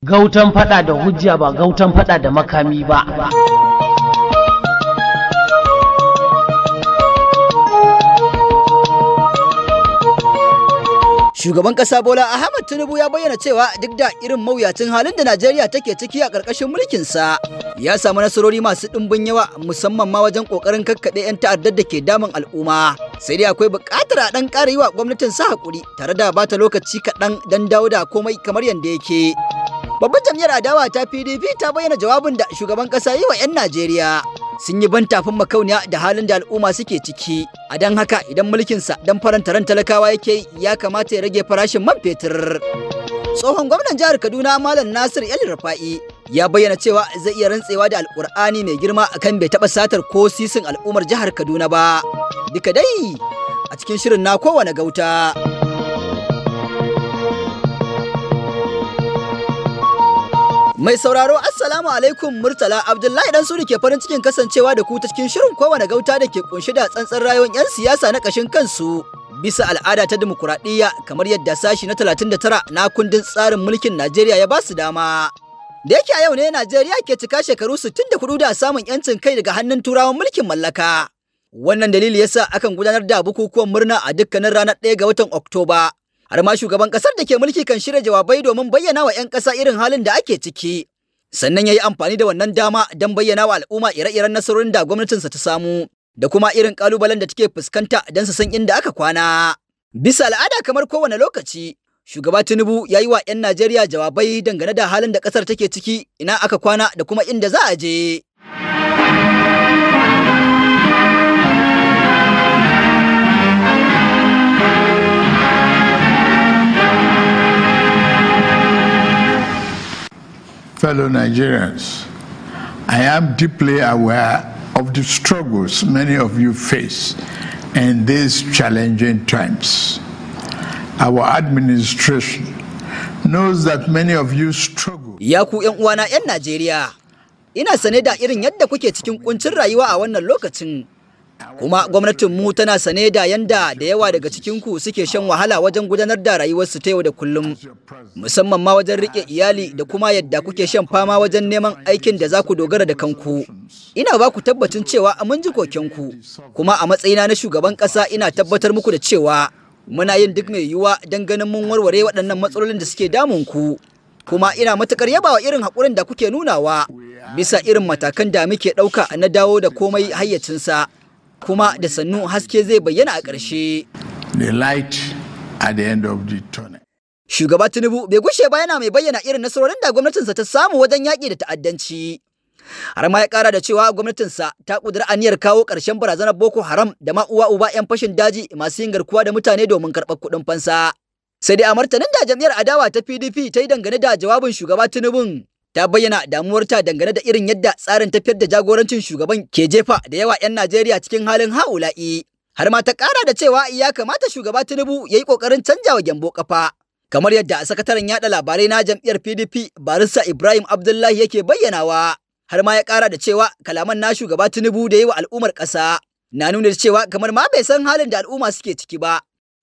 gautan fada da hujja ba gautan fada da makami ba Shugaban ƙasa Bola Ahmad Tinubu ya bayyana cewa duk da irin mawuyacin halin da Najeriya take ciki a ƙarƙashin mulkinsa, ya samu nasarori masu ɗimbin yawa musamman ma wajen ƙoƙarin kakkaɗe 'yan ta'addar da ke damun al'umma. Sai dai akwai buƙatar a ɗan ƙara yi wa gwamnatin sa haƙuri tare da bata lokaci kaɗan don dawo da komai kamar yadda yake. Babban jam'iyyar adawa ta PDP ta bayyana jawabin da shugaban ƙasa yi wa 'yan Najeriya. Sun yi ban tafin makauniya da halin da al'umma suke ciki. A don haka idan mulkinsa don faranta ran talakawa yake ya kamata ya rage farashin man fetur. Tsohon gwamnan jihar Kaduna Malam Nasir El Rafa'i ya bayyana cewa zai iya rantsewa da alkur'ani mai girma akan bai taɓa satar ko sisin al'ummar jihar kaduna ba duka dai a cikin shirin na kowane gauta Mai sauraro Assalamu alaikum Murtala Abdullahi dan Suri ke farin cikin kasancewa da ku ta cikin shirin kowane gauta da ke kunshi da tsantsan rayuwar 'yan siyasa na kashin kansu. Bisa al'ada ta dimokuraɗiyya kamar yadda sashi na 39 na kundin tsarin mulkin Najeriya ya ba su dama. Da yake a yau ne Najeriya ke cika shekaru 64 da samun 'yancin kai daga hannun turawan mulkin mallaka. Wannan dalili yasa akan gudanar da bukukuwan murna a dukkanin ranar 1 ga watan Oktoba har ma shugaban kasar da ke mulki kan shirya jawabai domin bayyana wa 'yan kasa irin halin da ake ciki. Sannan ya yi amfani da wannan dama don bayyana wa al'umma ire-iren nasarorin da gwamnatinsa ta samu, da kuma irin kalubalen da take fuskanta don su san inda aka kwana. Bisa al'ada kamar kowane lokaci, shugaba Tinubu ya yi wa 'yan Najeriya jawabai dangane da halin da ƙasar take ciki, ina aka kwana da kuma inda za a je. fellow Nigerians, I am deeply aware of the struggles many of you face in these challenging times. Our administration knows that many of you struggle. ina sane da irin yadda kuke cikin kuncin rayuwa a wannan lokacin. kuma gwamnatin mu tana sane da yanda da yawa daga cikin ku suke shan wahala wajen gudanar da rayuwarsu ta yau da kullum musamman ma wajen rike iyali da kuma yadda kuke shan fama wajen neman aikin da za ku dogara da kanku ina ba ku tabbacin cewa a mun ji kokenku kuma a matsayina na shugaban ƙasa ina tabbatar muku da cewa muna yin duk mai yiwuwa don ganin mun warware waɗannan matsalolin da suke damun ku kuma ina matukar yabawa irin haƙurin da kuke nunawa bisa irin matakan da muke ɗauka na dawo da komai hayyacinsa. kuma da sannu haske zai bayyana a ƙarshe. The light at the end of the tunnel. Shugaba Tinubu bai gushe ba yana mai bayyana irin nasarorin da gwamnatinsa ta samu wajen yaƙi da ta'addanci. Har ma ya ƙara da cewa gwamnatinsa ta ƙudura aniyar kawo ƙarshen barazanar Boko Haram da ma uwa uba 'yan fashin daji masu yin garkuwa da mutane domin karɓar kuɗin fansa. Sai dai a martanin da jam'iyyar adawa ta PDP ta yi dangane da jawabin shugaba Tinubu. ta bayyana damuwarta dangane da irin yadda tsarin tafiyar da jagorancin shugaban ke jefa da yawa 'yan Najeriya cikin halin ha'ula'i. Har ma ta ƙara da cewa ya kamata shugaba Tinubu ya yi ƙoƙarin canja wa gyambo ƙafa. Kamar yadda sakataren yaɗa labarai na jam'iyyar PDP barista Ibrahim Abdullahi yake bayyanawa. Har ma ya ƙara da cewa kalaman na shugaba Tinubu da yi wa al'ummar ƙasa na nuna cewa kamar ma bai san halin da al'umma suke ciki ba.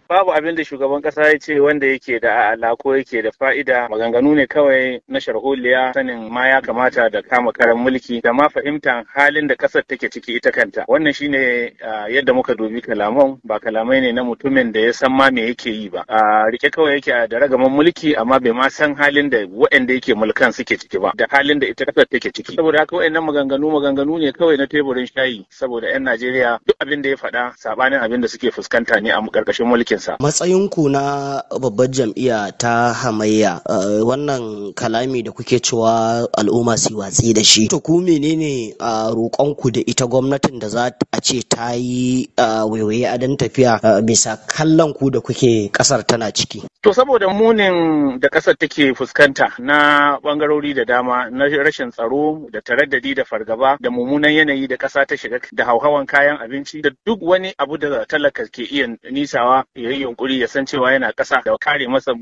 babu abin da shugaban kasa ya ce wanda yake da ala ko yake da fa'ida maganganu ne kawai na sharholiya sanin ma ya kamata da kama karan mulki da ma fahimtar halin da kasar take ciki ita kanta wannan shine yadda muka dubi kalaman ba kalamai ne na mutumin da ya san ma me yake yi ba a rike kawai yake da ragaman mulki amma bai ma san halin da waɗanda yake mulkan suke ciki ba da halin da ita kasar take ciki saboda haka waɗannan maganganu maganganu ne kawai na teburin shayi saboda 'yan Najeriya duk abin da ya faɗa sabanin abin da suke fuskanta ne a ƙarƙashin mulkin sa. Matsayin ku na babbar jam'iyya ta hamayya eh, wannan kalami da kuke cewa al'umma su watsi da shi. To ku menene eh, roƙon ku da ita gwamnatin da za a ce ta yi eh, waiwaye a dan tafiya bisa kallon ku da kuke ƙasar tana ciki. To saboda munin da ƙasar take fuskanta na bangarori da dama na rashin tsaro da taraddadi da fargaba da mummunan yanayi da ƙasa ta shiga da hauhawan kayan abinci da duk wani abu da talaka ke iya nisawa ya yi yunkuri ya san cewa yana ƙasa da kare masa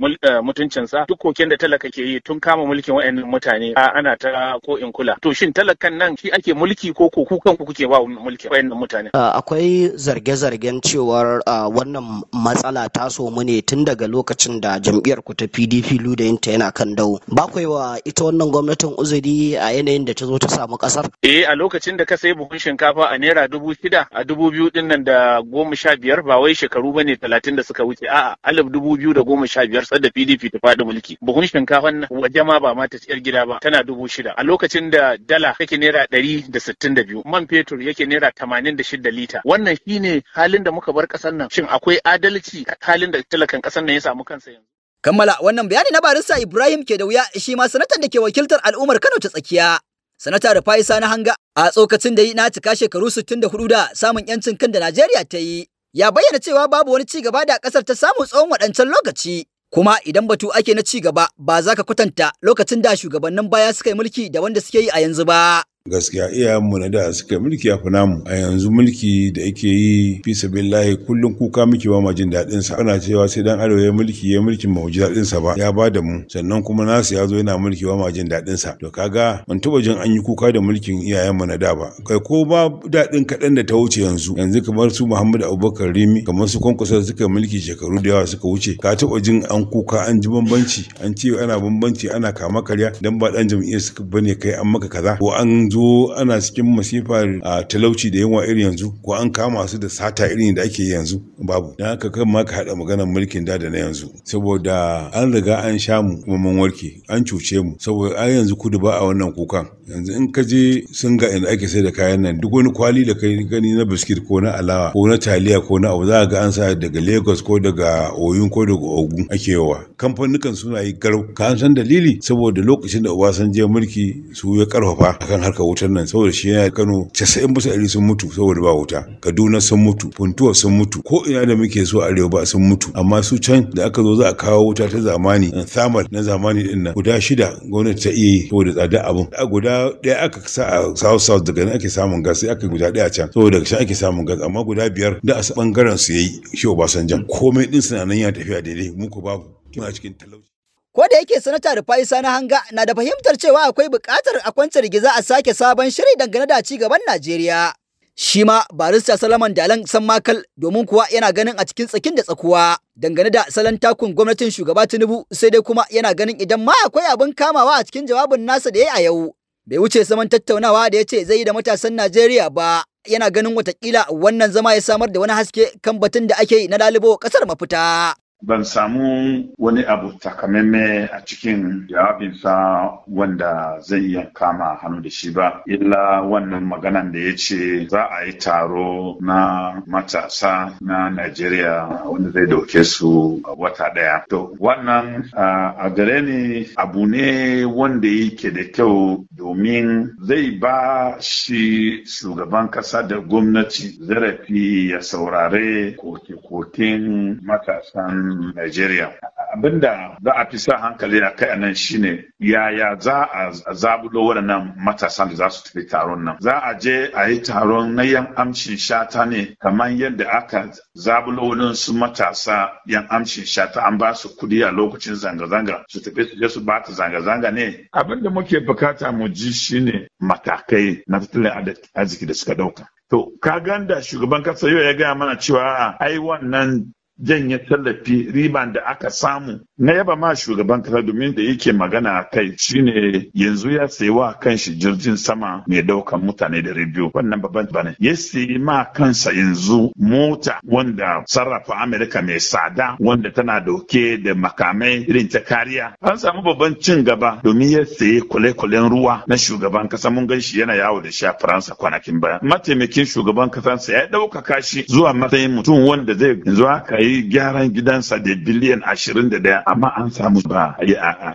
mutuncinsa duk koken da talaka ke yi tun kama mulkin wayannan mutane ana ta ko in kula to shin talakan nan shi ake mulki ko ko ku kanku kuke ba mulkin wayannan mutane akwai zarge-zargen cewar wannan matsala ta so mu ne tun daga lokacin da jam'iyyar ku ta PDP ludayinta yana kan dawo. ba wa ita wannan gwamnatin uzuri a yanayin da ta zo ta samu kasar eh a lokacin da ka sayi buhun shinkafa a naira dubu shida a dubu biyu din da goma sha biyar ba wai shekaru ne talatin da suka wuce a'a alif dubu biyu da goma sha biyar sadda PDP ta faɗi mulki buhun shinkafan waje ma ba ma ta gida ba tana dubu shida a lokacin da dala yake naira ɗari da sittin da biyu man fetur yake naira tamanin da shida lita wannan shine halin da muka bar ƙasar nan shin akwai adalci halin da talakan ƙasar nan ya samu kansa yanzu kammala wannan bayani na barista Ibrahim ke da wuya shi ma sanatan da ke wakiltar al'ummar Kano ta tsakiya sanata da faisa na hanga a tsokacin da yi na cika shekaru 64 da samun yancin kan da Najeriya ta yi ya bayyana cewa babu wani ci gaba da ƙasar ta samu tsawon waɗancan lokaci. Kuma idan batu ake na ci gaba ba za ka kwatanta lokacin da shugabannin baya suka yi mulki da wanda suke yi a yanzu ba. gaskiya iyayenmu na da suka mulki ya fi namu a yanzu mulki da ake yi fi sabillahi kullum kuka muke ba ma jin daɗin sa ana cewa sai dan arewa ya mulki ya mulkin ba mu daɗin sa ba ya ba da mu sannan kuma nasu ya zo yana mulki ba ma jin daɗin sa to kaga ban tuba jin an yi kuka da mulkin iyayen mu na da ba kai ko ba daɗin kaɗan da ta wuce yanzu yanzu kamar su Muhammadu Abubakar Rimi kamar su Kwankwasa suka mulki shekaru da yawa suka wuce ka taba jin an kuka an ji bambanci an ce ana bambanci ana kama karya dan ba dan jam'iyyar su bane kai an maka kaza ko an yanzu ana cikin masifar a talauci da yunwa irin yanzu ko an kama su da sata irin da ake yanzu babu dan haka kan ma ka haɗa maganar mulkin da da na yanzu saboda an riga an sha mu kuma mun warke an cuce mu saboda a yanzu kudu ba a wannan kukan yanzu in ka je sun ga inda ake sai da kayan nan duk wani kwali da kai gani na biskit ko na alawa ko na taliya ko na abu za ga an sa daga lagos ko daga oyun ko daga ogun ake yawa kamfanukan suna yi garau ka san dalili saboda lokacin da uba san obasanjo mulki su ya karfafa akan harkar wutar nan saboda shi yana Kano 90 bisa ɗari sun mutu saboda ba wuta Kaduna sun mutu Funtuwa sun mutu ko ina da muke so arewa ba sun mutu amma su can da aka zo za a kawo wuta ta zamani eh, thermal na zamani din nan guda shida gwamnati ta iya yi saboda tsada abun a guda ɗaya aka sa a South South daga nan ake samun gas sai aka guda ɗaya can saboda daga can ake samun gas amma guda biyar da a bangaren su yayi shi jan. komai din suna nan ya tafiya daidai muku babu muna cikin talauci Ko da yake sanata Rufai Sani Hanga na da fahimtar cewa akwai bukatar a kwance rigiza a sake sabon shiri dangane da ci gaban Najeriya. Shi ma barista Salaman Dalan Makal domin kuwa yana ganin a cikin tsakin da tsakuwa dangane da salon takun gwamnatin shugaba Tinubu sai dai kuma yana ganin idan ma akwai abin kamawa a cikin jawabin nasa da ya a yau. Bai wuce zaman tattaunawa da ya ce zai yi da matasan Najeriya ba. Yana ganin watakila wannan zama ya samar da wani haske kan batun da ake yi na ɗalibo ƙasar mafita. ban samu wani abu takamaime a cikin jawabinsa wanda zai iya kama hannu da shi ba illa wannan maganan da ya ce za a yi taro na matasa na Najeriya wanda zai dauke su wata ɗaya. To wannan a gare ni abu ne wanda yake da kyau domin zai ba shi shugaban kasa da gwamnati zarafi ya saurare koke-koken matasan Najeriya. Abinda za a fi sa hankali a kai nan shine yaya za a zabulo waɗannan matasan da za su tafi taron nan. Za a je a yi taron na yan amshin shata ne kamar yadda aka zabulo su matasa yan amshin shata an ba su kuɗi a lokacin zanga-zanga su tafi su je su ba ta zanga-zanga ne. abin da muke bukata mu ji shine matakai na tattalin arziki da suka ɗauka. To, ka ganda shugaban kasa yau ya gaya mana cewa ai wannan janye tallafi riban da aka samu na yaba ma shugaban kasa domin da yake magana a kai shine yanzu ya sayi wa kanshi jirgin sama mai daukan mutane da biyu wannan babban bane ya sayi ma kansa yanzu mota wanda sarrafa amerika mai tsada wanda tana dauke da makamai irin ta kariya an samu babban cin gaba domin ya sayi kwale-kwalen ruwa na shugaban kasa mun gan shi yana yawo da shi a faransa kwanakin baya mataimakin shugaban kasansa ya ɗaukaka shi zuwa matsayin mutum wanda zai yanzu haka yi gyaran gidansa da biliyan ashirin da daya amma an samu ba a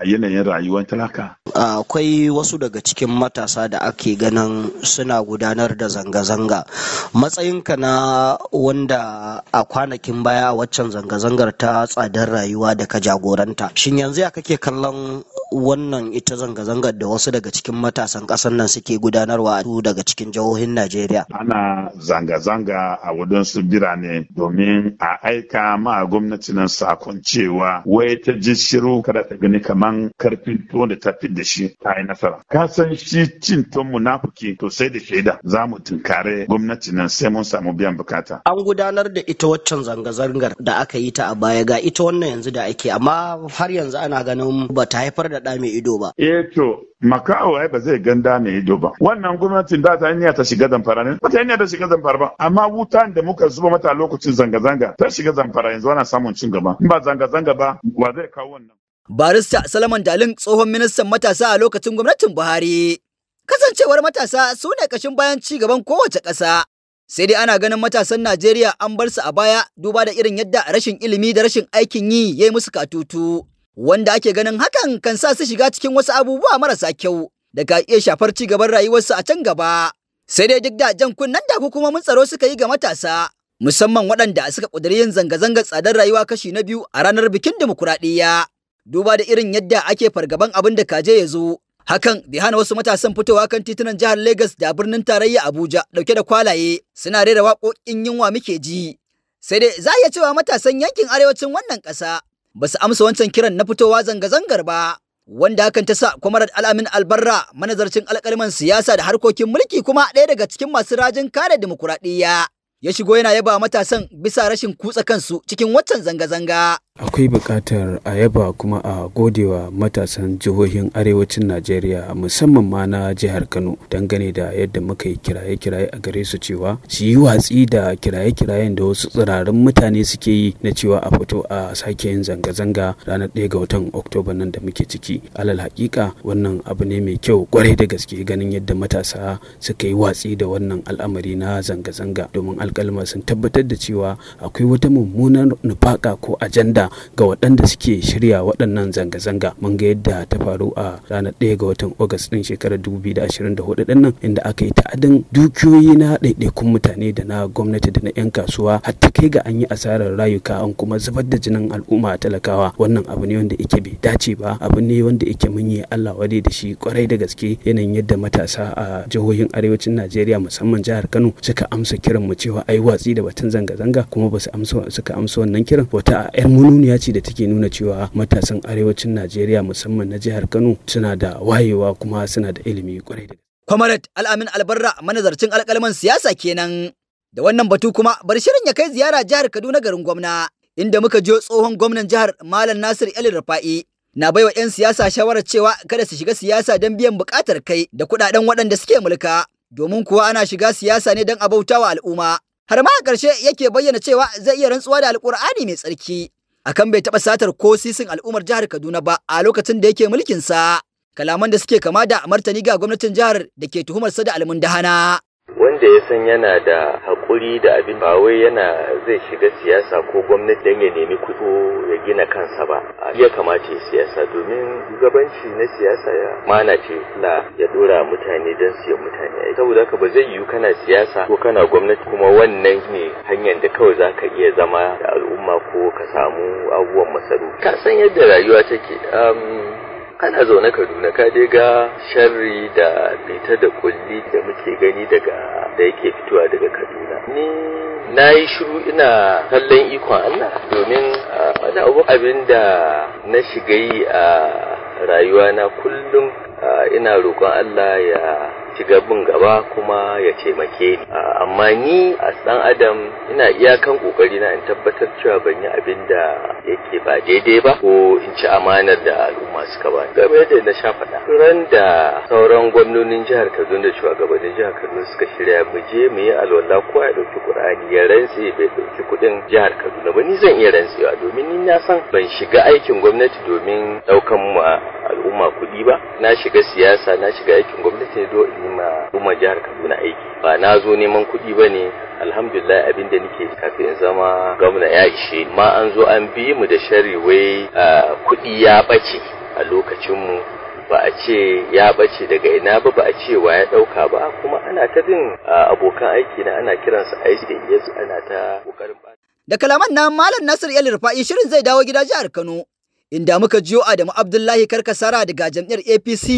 yanayin rayuwar talaka. Akwai wasu daga cikin matasa da ake ganin suna gudanar da zanga-zanga. Matsayinka na wanda a kwanakin baya a waccan zanga-zangar ta tsadar rayuwa da ka jagoranta. Shin yanzu ya kake kallon wannan ita zanga-zangar da wasu daga cikin matasan ƙasar nan suke gudanarwa daga cikin jihohin Najeriya? Ana zanga-zanga a wadansu birane domin a aika ma gwamnati nan sakon cewa wai ta ji shiru kada ta gani kaman karfin tuwon da ta fit da shi ta yi nasara ka san shi cin tuwon munafuki to sai da shaida za mu tunkare gwamnati nan sai mun samu biyan bukata an gudanar da ita waccan zanga-zangar da aka yi ta a baya ga ita wannan yanzu da ake amma har yanzu ana ganin ba ta haifar da ɗa mai ido ba eh to Makao ba zai ganda ne ido ba wannan gwamnatin da ta niyya ta shiga zamfara ne ta ta shiga zamfara ba amma wutan da muka zuba mata lokacin zanga-zanga ta shiga zamfara yanzu ana samun cin gaba in ba zanga-zanga ba wa zai kawo wannan barista salaman dalin tsohon ministan matasa a lokacin gwamnatin buhari kasancewar matasa su ne kashin bayan ci gaban kowace ƙasa sai dai ana ganin matasan najeriya an bar su a baya duba da irin yadda rashin ilimi da rashin aikin yi ya yi musu katutu wanda ake ganin hakan kan sa su shiga cikin wasu abubuwa marasa kyau da ka iya shafar ci gaban rayuwarsu a can gaba. Sai dai duk da jan kunnen da hukumomin tsaro suka yi ga matasa, musamman waɗanda suka ƙudiri yin zanga zanga tsadar rayuwa kashi na biyu a ranar bikin dimokuraɗiyya. Duba da irin yadda ake fargaban abin da kaje ya zo, Hakan bai hana wasu matasan fitowa kan titunan jihar Legas da birnin tarayya Abuja Ɗauke da kwalaye suna rera waƙoƙin yunwa muke ji. Sai dai za a iya cewa matasan yankin arewacin wannan ƙasa Basu amsa wancan kiran na fitowa zanga-zangar ba. Wanda hakan ta sa kwamarar Al'amin Albarra manazarcin alƙalman siyasa da harkokin mulki kuma ɗaya daga cikin masu rajin kare dimokuraɗiyya. Ya shigo yana yaba matasan bisa rashin kutsa kansu cikin waccan zanga-zanga. Akwai buƙatar a yaba kuma a godewa matasan jihohin Arewacin Najeriya musamman ma na jihar Kano dangane da yadda muka yi kiraye-kiraye a gare su cewa su yi watsi da kiraye-kirayen da wasu tsirarin mutane suke yi na cewa a fito a sake yin zanga-zanga ranar 1 ga watan Oktoba nan da muke ciki. Alal hakika wannan abu ne mai kyau kwarai da gaske ganin yadda matasa suka yi watsi da wannan al'amari na zanga-zanga domin alkalma sun tabbatar da cewa akwai wata mummunar nufaka ko ajanda ta'adda ga waɗanda suke shirya waɗannan zanga-zanga mun ga yadda ta faru a ranar ɗaya ga watan Agusta ɗin shekarar 2024 hudu nan inda aka yi ta'adin dukiyoyi na ɗaiɗaikun mutane da na gwamnati da na 'yan kasuwa har ta kai ga an yi asarar rayuka an kuma zubar da jinin al'umma talakawa wannan abu ne wanda yake bai dace ba abu ne wanda yake mun yi Allah wade da shi kwarai da gaske yanayin yadda matasa a jihohin arewacin Najeriya musamman jihar Kano suka amsa kiran mu cewa ai watsi da batun zanga-zanga kuma ba su amsa wannan kiran wata a Nuniya ce da take nuna cewa matasan arewacin najeriya musamman na jihar kano suna da wayewa kuma suna da ilimi kwarai da Kwamarat Al'amin Albarra manazarcin alƙalman siyasa kenan. Da wannan batu kuma bar shirin ya kai ziyara jihar Kaduna garin gwamna inda muka je tsohon gwamnan jihar Malam Nasir El Rafa'i na baiwa 'yan siyasa shawarar cewa kada su shiga siyasa don biyan buƙatar kai da kuɗaɗen waɗanda suke mulka domin kuwa ana shiga siyasa ne don abautawa al'umma. Har ma a ƙarshe yake bayyana cewa zai iya rantsuwa da Alƙur'ani mai tsarki akan bai taɓa satar ko sisin al'ummar jihar Kaduna ba a lokacin da yake sa Kalaman da suke kama da martani ga gwamnatin jihar da ke tuhumar sa da almundahana. wanda ya san yana da hakuri da abin ba wai yana zai shiga siyasa ko gwamnati don ya nemi kuɗi ya gina kansa ba ya kamata ya siyasa domin gabanci na siyasa ya mana ce la ya dora mutane don siya mutane aiki saboda haka ba zai yiwu kana siyasa ko kana gwamnati kuma wannan ne hanyar da kawai za ka iya zama da al'umma ko ka samu abubuwan masarufi ka san yadda rayuwa take um, ana zaune kaduna ka dai ga sharri da fita da kulli da muke gani daga da yake fitowa daga kaduna ni na yi shiru ina kallon ikon allah domin wani abu abin da na shiga yi a rayuwa na kullum ina roƙon allah ya shiga bin gaba kuma ya taimake ni amma ni a dan adam ina iyakan kokari na in tabbatar cewa ban yi abin da yake ba daidai ba ko in ci amanar da al'umma suka ba game da na sha faɗa ran da sauran gwamnonin jihar Kaduna da shugabannin jihar Kaduna suka shirya mu je mu yi alwala ko a dauki Qur'ani ya rantse bai dauki kuɗin jihar Kaduna ba ni zan iya rantsewa domin ni na san ban shiga aikin gwamnati domin daukan mu al'umma kuɗi ba na shiga siyasa na shiga aikin gwamnati ne do in yi ma al'umma jihar Kaduna aiki ba na zo neman kuɗi ba ne alhamdulillah abin da nake kafin in zama gwamna ya ishe ma an zo an bi mu da shari wai kuɗi ya ɓace a mu ba a ce ya ɓace daga ina ba ba a ce wa ya ɗauka ba kuma ana ta bin abokan aiki na ana su aiki da ana ta ƙoƙarin ba. Da kalaman na Malam Nasir El Rufa'i shirin zai dawo gida jihar Kano. inda muka jiyo Adamu Abdullahi Karkasara daga jam'iyyar APC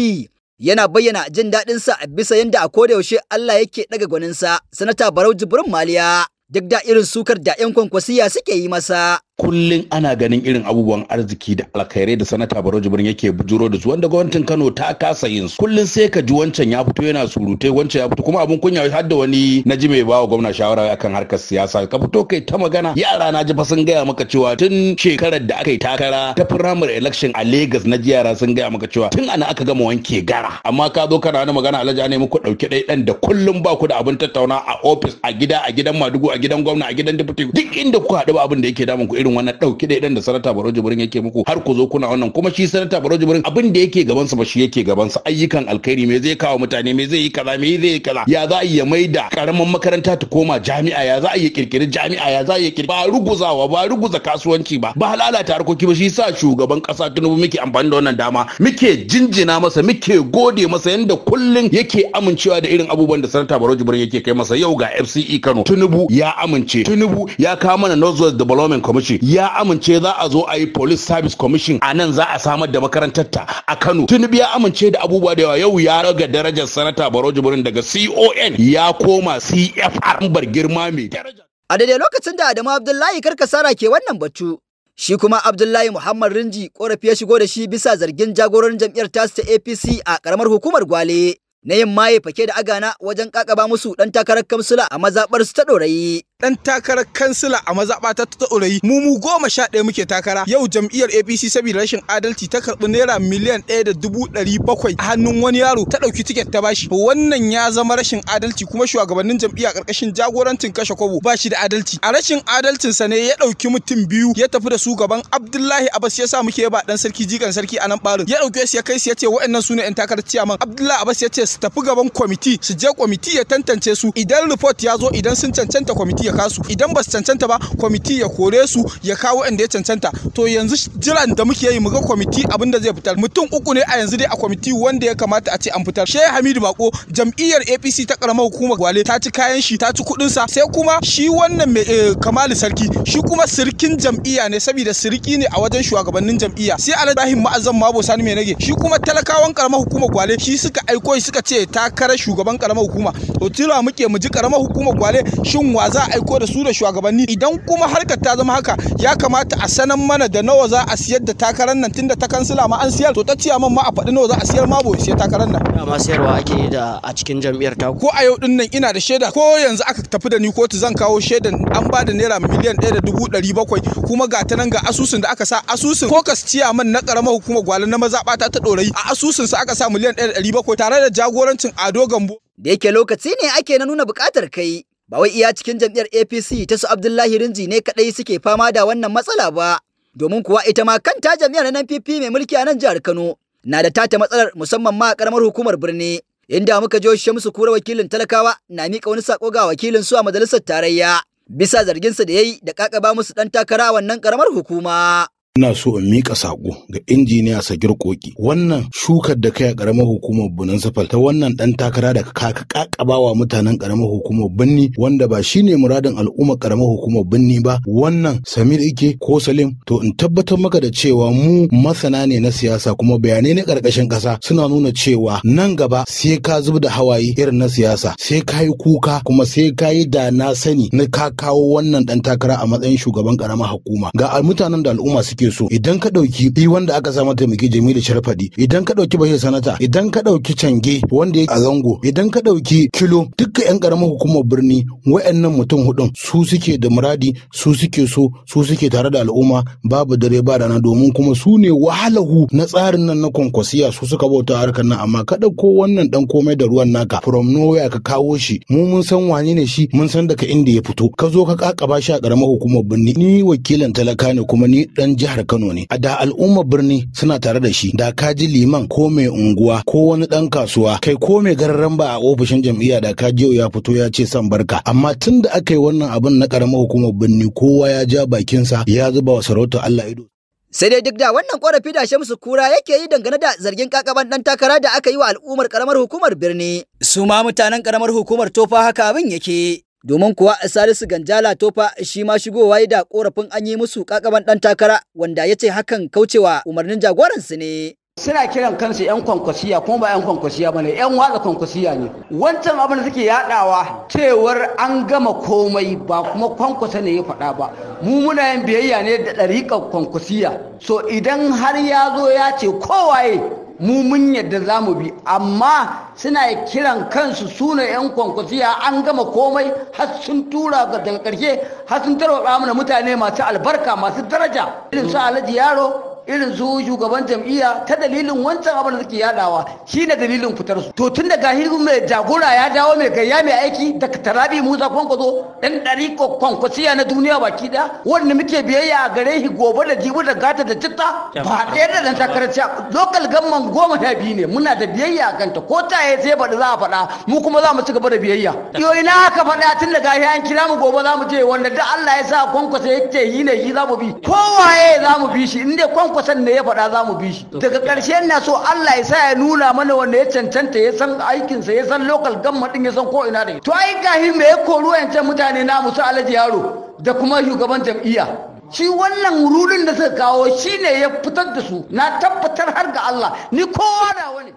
yana bayyana jin sa a bisa yadda a koda yaushe Allah yake ɗaga gwaninsa, sanata Barau Jibrin Maliya, duk da irin sukar da ‘yan kwankwasiya suke yi masa. kullum ana ganin irin abubuwan arziki da alkhairai da sanata baro jibrin yake bujuro da su wanda gwamnatin kano ta kasa yin su kullum sai ka ji wancan ya fito yana surute wancan ya fito kuma abun kunya har da wani na ji mai bawa gwamna shawara akan harkar siyasa ka fito kai ta magana yara na ji sun gaya maka cewa tun shekarar da aka yi takara ta primary election a Lagos na ji yara sun gaya maka cewa tun ana aka gama wanke gara amma ka zo kana wani magana alhaji ne muku dauke dai dan da kullum ba ku da abin tattauna a office a gida a gidan madugu a gidan gwamna a gidan deputy duk inda ku haɗu abin da yake damun ku irin wannan dauki da idan da sanata Barau Jibrin yake muku har ku zo kuna wannan kuma shi sanata Barau Jibrin abin da yake gaban sa ba shi yake gaban sa ayyukan alkhairi me zai kawo mutane me zai yi kaza me zai yi kaza ya za a iya maida karaman makaranta ta koma jami'a ya za a iya kirkiri jami'a ya za a iya ba ruguzawa ba ruguza kasuwanci ba ba lalata harkoki ba shi sa shugaban kasa tunubu muke amfani da wannan dama muke jinjina masa muke gode masa yanda kullun yake amincewa da irin abubuwan da sanata Barau Jibrin yake kai masa yau ga FCE Kano Tinubu ya amince Tinubu ya kawo mana North Development Commission ya amince za a zo a yi police service commission a nan za a samar da makarantar ta a Kano tun ya amince da abubuwa da yawa yau ya raga darajar sanata Baro Jibrin daga CON ya koma CFR bar girma mai daraja a daidai lokacin da Adamu Abdullahi Karkasara ke wannan batu Shi kuma Abdullahi Muhammad Rinji korafi ya shigo da shi bisa zargin jagoran jam'iyyar tasu ta APC a karamar hukumar Gwale na yin maye fake da agana wajen kakaba musu dan takarar kamsula a mazaɓarsu su ta ɗorayi. dan takarar kansila a mazabata ta ta mu mu goma sha ɗaya muke takara yau jam'iyyar apc saboda rashin adalci ta karɓi naira miliyan ɗaya da dubu ɗari bakwai a hannun wani yaro ta ɗauki tiket ta bashi wannan ya zama rashin adalci kuma shugabannin jam'iyya ƙarƙashin jagorancin kashe kobo ba shi da adalci a rashin adalcin sa ne ya ɗauki mutum biyu ya tafi da su gaban abdullahi abbas ya sa muke ba ɗan sarki jikan sarki a nan ɓarin ya ɗauke su ya kai su ya ce wa'annan su ne 'yan takarar ciyaman abdullahi abbas ya ce su tafi gaban kwamiti su je kwamiti ya tantance su idan report ya zo idan sun cancanta kwamiti jaka su idan ba su cancanta ba kwamiti ya kore su ya kawo inda ya cancanta to yanzu jiran da muke yi muga kwamiti abin da zai fitar mutum uku ne a yanzu dai a kwamiti wanda ya kamata a ce an fitar shehu hamidu bako jam'iyyar apc ta karamar hukumar gwale ta ci kayan shi ta ci kuɗin sa sai kuma shi wannan mai eh, kamalu sarki shi kuma sirkin jam'iyya ne saboda sirki ne a wajen shugabannin jam'iyya sai alhaji ibrahim ma'azan mabo sani mai nage shi kuma talakawan karamar hukumar gwale shi suka aiko shi suka ce ta kare shugaban karamar hukuma to tira muke mu ji karamar hukumar gwale shin wa za aiko da su da shugabanni idan kuma harkar ta zama haka ya kamata a sanan mana da nawa za a siyar da takarar nan tunda ta kansila ma an siyar to ta man ma a faɗi nawa za a siyar ma bo siyar takarar nan dama siyarwa ake yi da a cikin jam'iyyar ta ko a yau din nan ina da shaida ko yanzu aka tafi da ni kotu zan kawo shaidan an ba da naira miliyan ɗaya da dubu ɗari bakwai kuma ga ta nan ga asusun da aka sa asusun ko fokas man na ƙaramar hukumar gwalin na maza mazaɓata ta ɗorayi a asusun sa aka sa miliyan ɗaya da ɗari bakwai tare da jagorancin ado gambo da yake lokaci ne ake na nuna buƙatar kai Ba wai iya cikin jam'iyyar APC ta su Abdullahi Rinji ne kadai suke fama da wannan matsala ba. Domin kuwa ita ma kanta jam'iyyar NPP mai mulki a nan jihar Kano na da tata matsalar musamman ma a karamar hukumar birni. Inda muka jo musu Kura wakilin talakawa na mika wani sako ga wakilin su a majalisar tarayya. Bisa zargin sa da ya yi da kakaba musu dan takara wannan karamar hukuma. ina so in mika saƙo ga injiniya sagir koki wannan shukar da kai a karamar hukumar bunan safal ta wannan ɗan takara da ka kakabawa mutanen karamar hukumar binni wanda ba shine muradin al'ummar karamar hukumar binni ba wannan samir ike ko salim to in tabbatar maka da cewa mu masana ne na siyasa kuma bayanai na ƙarƙashin ƙasa, suna nuna cewa nan gaba sai ka zub da hawaye irin na siyasa sai ka yi kuka kuma sai ka yi da na sani na ka kawo wannan ɗan takara a matsayin shugaban karamar hukuma ga mutanen da al'umma suke ɗauke su idan ka ɗauki ɗi wanda aka sa taimaki Jamilu Sharfadi idan ka ɗauki Bashir Sanata idan ka ɗauki Cange wanda yake a zango idan ka ɗauki Kilo duka 'yan ƙaramar hukumar birni wayannan mutum hudun su suke da muradi su suke so su suke tare da al'umma babu dare ba rana domin kuma su ne wahalahu na tsarin nan na kwankwasiya su suka bauta harkar nan amma ka ɗauko wannan dan komai da ruwan naka from nowhere ka kawo shi mu mun san wane ne shi mun san daga inda ya fito ka zo ka kakaba shi a ƙaramar hukumar birni ni wakilin talaka ne kuma ni dan jihar jihar Kano ne. A da al'ummar birni suna tare da shi da kaji liman ko mai unguwa ko wani dan kasuwa kai ko mai gararan ba a ofishin jam'iyya da kaji ya fito ya ce san barka. Amma tun da aka yi wannan abin na karamar hukumar birni kowa ya ja bakinsa ya zuba wa sarauta Allah ido. Sai dai duk da wannan korafi da Shamsu Kura yake yi dangane da zargin kakaban dan takara da aka yi wa al'ummar karamar hukumar birni. Su ma mutanen karamar hukumar tofa haka abin yake. Domin kuwa Salisu Ganjala Tofa shi ma shigowa da korafin an yi musu kakaban ɗan takara wanda ya ce hakan kaucewa umarnin jagoransu ne. suna kiran kansu 'yan kwankwasiya kuma ba 'yan kwankwasiya ba ne 'yan watsa kwankwasiya ne wancan abin da suke yadawa cewar an gama komai ba kuma kwankwasa ne ya faɗa ba mu muna yin biyayya ne da ɗariƙar kwankwasiya so idan har ya zo ya ce kowaye mu mun yadda za mu bi amma suna kiran kansu suna 'yan kwankwasiya an gama komai har sun tura ga daga ƙarshe har sun tarwatsa mana mutane masu albarka masu daraja irin su alhaji yaro irin su shugaban jam'iyya ta dalilin wancan abin da suke yadawa shi ne dalilin fitar su to tun da gahiru mai jagora ya dawo mai gayya mai aiki da tarabi musa kwankwazo dan dari kwankwasiya na duniya baki da wanda muke biyayya a gare shi gobe da jibu da gata da citta ba ɗaya da dan takarar cewa lokal gamman goma sha biyu ne muna da biyayya a kanta ko ta yi sai baɗi za a faɗa mu kuma za mu ci gaba da biyayya yo ina haka faɗa tun da gashi an kira mu gobe za mu je wanda duk Allah ya sa kwankwasa yake yi ne yi za mu bi kowaye za mu bi shi inda kwasan ne ya faɗa za mu bi shi daga ƙarshe na so Allah ya sa ya nuna mana wanda ya cancanta ya san aikinsa ya san local gamma din ya san ko ina da to ai gahi me ya koru yancan mutane na musu alaji yaro da kuma shugaban jam'iyya shi wannan rudin da suka kawo ne ya fitar da su na tabbatar har ga Allah ni kowa da wani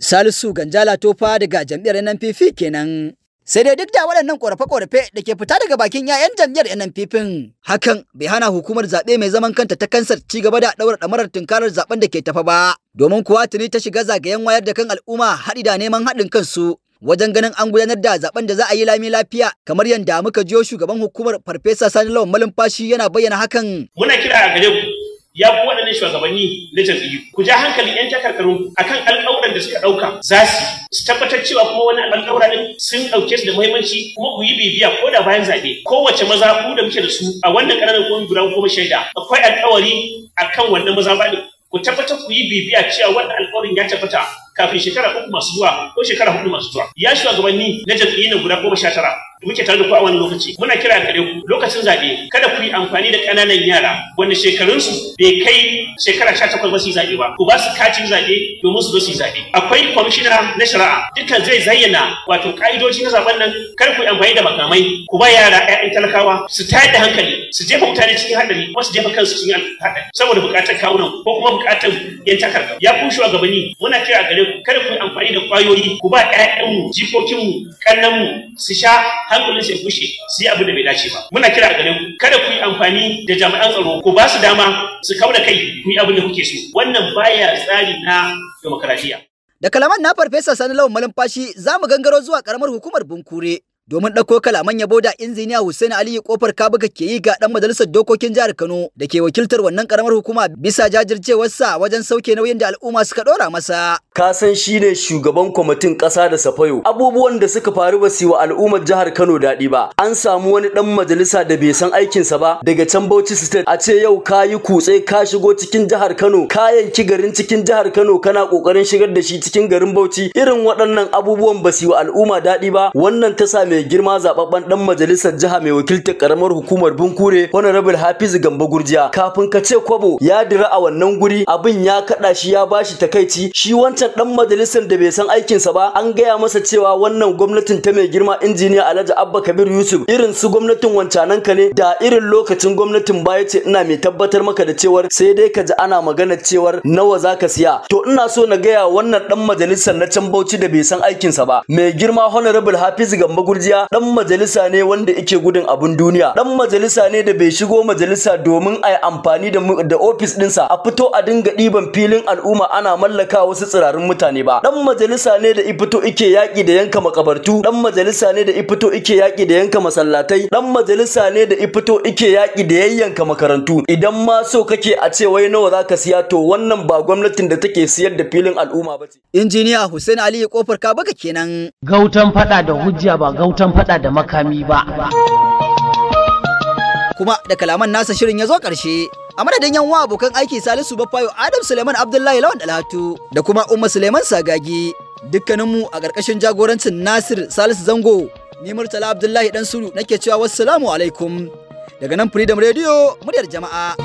Salisu Ganjala Tofa daga jam'iyyar NPP kenan. Sai dai duk da waɗannan ƙorafe-ƙorafe da ke fita daga bakin 'ya'yan jam'iyyar NNPP hakan bai hana hukumar zaɓe mai zaman kanta ta kansar ci gaba da ɗaura ɗamarar tunkarar zaɓen da ke tafa ba. Domin kuwa tuni ta shiga zagayen wayar da kan al'umma haɗi da neman haɗin kansu wajen ganin an gudanar da zaɓen da za a yi lami lafiya kamar yadda muka jiyo shugaban hukumar farfesa sani lawan malumfashi yana bayyana hakan. Muna kira a gare ya fi waɗannan shugabanni na jam'iyyu ku ja hankalin 'yan takarkarun akan alƙawuran da suka ɗauka za su tabbatar cewa kuma wani alƙawura ne sun ɗauke su da muhimmanci kuma ku yi bibiya ko da bayan zaɓe kowace maza ku da muke da su a wannan ƙananan kuma guda goma shaida akwai alƙawari akan wannan maza ba ne. ku tabbatar ku yi bibiya cewa wannan alƙawarin ya tabbata kafin shekara uku masu zuwa ko shekara hudu masu zuwa ya shugabanni na jam'iyyu na guda goma sha tara muke tare da ku a wani lokaci muna kira gare ku lokacin zaɓe kada ku yi amfani da ƙananan yara wanda shekarunsu bai kai shekara sha takwas ba su yi zaɓe ba ku ba su kacin zaɓe domin su zo su yi zaɓe akwai kwamishina na shari'a duka zai zayyana wato ƙa'idoji na zaɓen nan Kada ku yi amfani da makamai ku ba yara 'ya'yan talakawa su tayar da hankali su jefa mutane cikin haɗari kuma su jefa kansu cikin haɗari saboda buƙatar kawunan ko kuma buƙatar 'yan takarda ya ku gabani. muna kira gare ku kada ku yi amfani da ƙwayoyi ku ba 'ya'yanmu jikokinmu kannanmu su sha hankalin sai bushe sai abu da bai dace ba muna kira gare ku kada ku yi amfani da jami'an tsaro ku ba su dama su kauna kai ku yi abin da kuke so wannan baya tsari na demokradiya da kalaman na farfesa sani lawan malumfashi za mu gangaro zuwa karamar hukumar bunkure domin ɗauko kalaman yabo da injiniya Hussein Aliyu kofar ka buga ke yi ga dan majalisar dokokin jihar Kano da ke wakiltar wannan karamar hukuma bisa jajircewarsa wajen sauke nauyin da al'umma suka ɗora masa. Ka san shi ne shugaban kwamitin kasa da Safayo. Abubuwan da suka faru ba su wa al'ummar jihar Kano daɗi ba. An samu wani dan majalisa da bai san aikinsa ba daga can Bauchi State a ce yau ka yi kutse ka shigo cikin jihar Kano ka yanki garin cikin jihar Kano kana kokarin shigar da shi cikin garin Bauchi irin waɗannan abubuwan ba su wa al'umma daɗi ba wannan ta same mai girma zababban dan majalisar jiha mai wakiltar karamar hukumar Bunkure Honorable Hafiz Gambo Gurjiya kafin ka ce kwabo ya dira a wannan guri abin ya kada shi ya bashi takaici shi wancan dan majalisar da bai san aikinsa ba an gaya masa cewa wannan gwamnatin ta mai girma injiniya Alhaji Abba Kabir Yusuf irin su gwamnatin wancanan ka ne da irin lokacin gwamnatin baya ce ina mai tabbatar maka da cewar sai dai ka ji ana magana cewar nawa zaka siya to ina so na gaya wannan dan majalisar na can Bauchi da bai san aikinsa ba mai girma Honorable Hafiz Gambo Murjiya dan majalisa ne wanda yake gudun abun duniya dan majalisa ne da bai shigo majalisa domin a yi amfani da da office dinsa a fito a dinga ɗiban filin al'umma ana mallaka wasu tsirarin mutane ba dan majalisa ne da ifito ike yaƙi da yanka makabartu dan majalisa ne da ifito ike yaƙi da yanka masallatai dan majalisa ne da ifito ike yaƙi da yayyanka makarantu idan ma so kake a ce wai nawa zaka siya to wannan ba gwamnatin da take siyar da filin al'umma ba ce injiniya Hussein Ali kofar ka baka kenan gautan fada da hujja ba autan faɗa da makami ba. Kuma da kalaman nasa shirin ya zo ƙarshe. A madadin yan abokan aiki Salisu Baffayo Adam Suleiman Abdullahi Lawan Dalatu da kuma Umma Suleiman Sagagi dukkaninmu a ƙarƙashin jagorancin Nasir Salisu Zango ni Murtala Abdullahi Dan Suru nake cewa wassalamu alaikum daga nan Freedom Radio muryar jama'a.